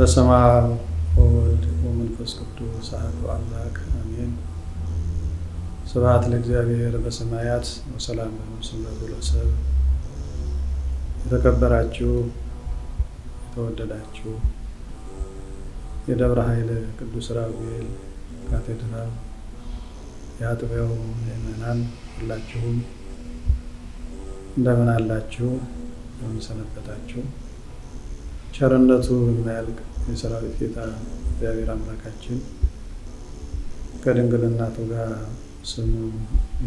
በስመ አብ ወወልድ ወመንፈስ ቅዱስ አሐዱ አምላክ አሜን። ስብሐት ለእግዚአብሔር በሰማያት ወሰላም በምስለ ለሰብ። የተከበራችሁ የተወደዳችሁ የደብረ ኃይል ቅዱስ ራጉኤል ካቴድራል የአጥቢያው ምእመናን ሁላችሁም እንደምን አላችሁ? እንደምን ሰነበታችሁ? ቸርነቱ የማያልቅ የሰራዊት ጌታ እግዚአብሔር አምላካችን ከድንግል እናቱ ጋር ስሙ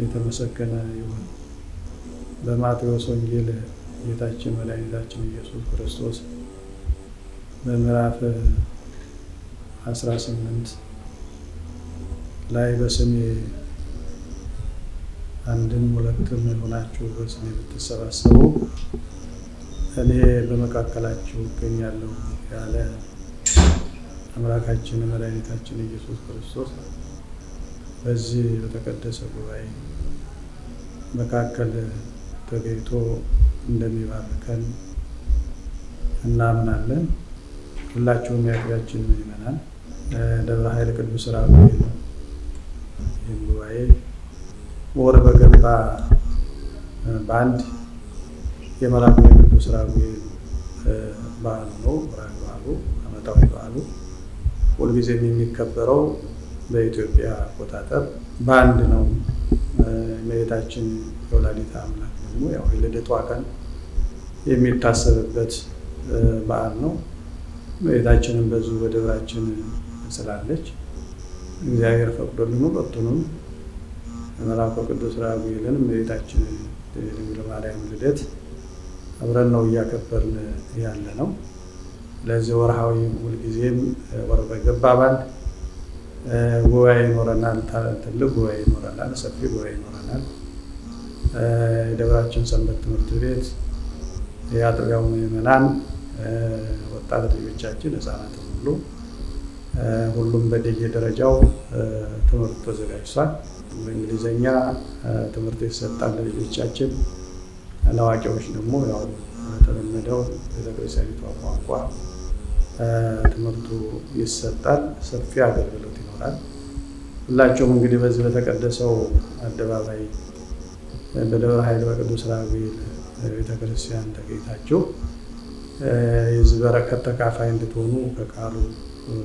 የተመሰገነ ይሁን። በማቴዎስ ወንጌል ጌታችን መድኃኒታችን ኢየሱስ ክርስቶስ በምዕራፍ 18 ላይ በስሜ አንድም ሁለትም ሆናችሁ በስሜ ብትሰባሰቡ እኔ በመካከላችሁ እገኛለሁ ያለ አምላካችን መድኃኒታችን ኢየሱስ ክርስቶስ በዚህ በተቀደሰ ጉባኤ መካከል ተገኝቶ እንደሚባርከን እናምናለን። ሁላችሁም የአቅቢያችን ይመናል ደብረ ኃይል ቅዱስ ራጉኤል ይህን ጉባኤ ወር በገባ በአንድ የመራጉኤል ስራ በዓል ነው። ብርሃን በዓሉ ዓመታዊ በዓሉ ሁልጊዜም የሚከበረው በኢትዮጵያ አቆጣጠር በአንድ ነው። እመቤታችን የወላዲተ አምላክ ደግሞ ያው የልደቷ ቀን የሚታሰብበት በዓል ነው። እመቤታችንም በዙ በደብራችን ስላለች እግዚአብሔር ፈቅዶልን ወቅቱንም መልአኩ ቅዱስ ራጉኤልን እመቤታችን ድንግል ማርያም ልደት አብረን ነው እያከበርን ያለ ነው። ለዚህ ወርሃዊ ሁልጊዜም ወር በገባ ባንድ ጉባኤ ይኖረናል። ትልቅ ጉባኤ ይኖረናል። ሰፊ ጉባኤ ይኖረናል። የደብራችን ሰንበት ትምህርት ቤት የአጥቢያው ምዕመናን ወጣት ልጆቻችን፣ ህፃናት ሁሉ ሁሉም ደረጃው ትምህርት ተዘጋጅቷል። በእንግሊዝኛ ትምህርት የተሰጣል ልጆቻችን ለአዋቂዎች ደግሞ ያው ተለመደው ቤተክርስቲያኒቷ ቋንቋ ትምህርቱ ይሰጣል። ሰፊ አገልግሎት ይኖራል። ሁላቸውም እንግዲህ በዚህ በተቀደሰው አደባባይ በደብረ ኃይል በቅዱስ ራጉኤል ቤተክርስቲያን ተገኝታችሁ የዚህ በረከት ተካፋይ እንድትሆኑ ከቃሉ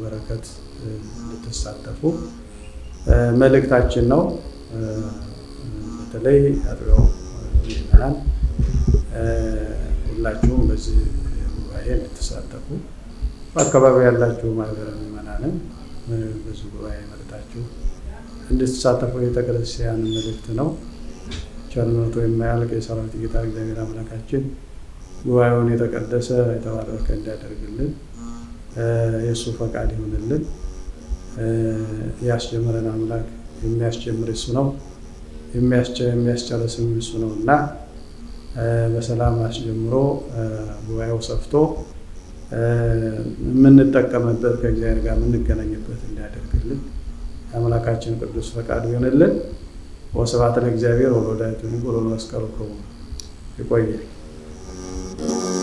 በረከት እንድትሳተፉ መልእክታችን ነው። በተለይ አጥቢያው ይናል ሁላችሁም በዚህ ጉባኤ የምትሳተፉ በአካባቢ ያላችሁ ማህበረ ምዕመናንም በዚህ ጉባኤ መርታችሁ እንድትሳተፉ የቤተክርስቲያን መልእክት ነው። ቸርነቱ የማያልቅ የሰራዊት ጌታ እግዚአብሔር አምላካችን ጉባኤውን የተቀደሰ የተባረከ እንዲያደርግልን የእሱ ፈቃድ ይሆንልን። ያስጀምረን አምላክ የሚያስጀምር እሱ ነው፣ የሚያስጨርስም እሱ ነው እና በሰላም አስጀምሮ ጉባኤው ሰፍቶ የምንጠቀምበት ከእግዚአብሔር ጋር የምንገናኝበት እንዲያደርግልን አምላካችን ቅዱስ ፈቃዱ ይሆንልን። ወስብሐት ለእግዚአብሔር ወለወላዲቱ ወለመስቀሉ ክቡር። ይቆያል።